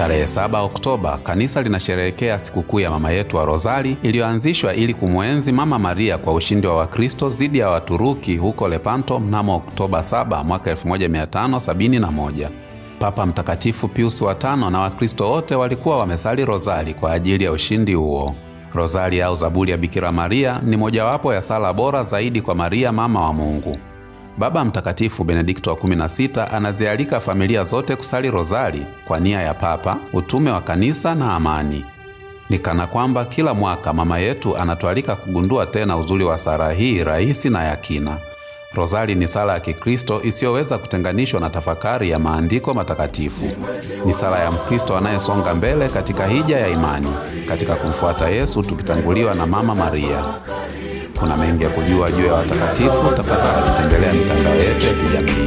Tarehe 7 Oktoba, kanisa linasherehekea sikukuu ya mama yetu wa Rozari iliyoanzishwa ili kumwenzi Mama Maria kwa ushindi wa Wakristo dhidi ya Waturuki huko Lepanto mnamo Oktoba 7 mwaka 1571. Papa Mtakatifu Pius wa tano na Wakristo wote walikuwa wamesali rozari kwa ajili ya ushindi huo. Rozari au zaburi ya Bikira Maria ni mojawapo ya sala bora zaidi kwa Maria mama wa Mungu. Baba Mtakatifu Benedikto wa 16 anazialika familia zote kusali rozari kwa nia ya Papa, utume wa kanisa na amani. Ni kana kwamba kila mwaka mama yetu anatualika kugundua tena uzuri wa sala hii rahisi na ya kina. Rozari ni sala ya Kikristo isiyoweza kutenganishwa na tafakari ya maandiko matakatifu. Ni sala ya Mkristo anayesonga mbele katika hija ya imani, katika kumfuata Yesu tukitanguliwa na Mama Maria. Kuna mengi ya kujua juu ya watakatifu, tafadhali tembelea mitandao yetu ya kijamii.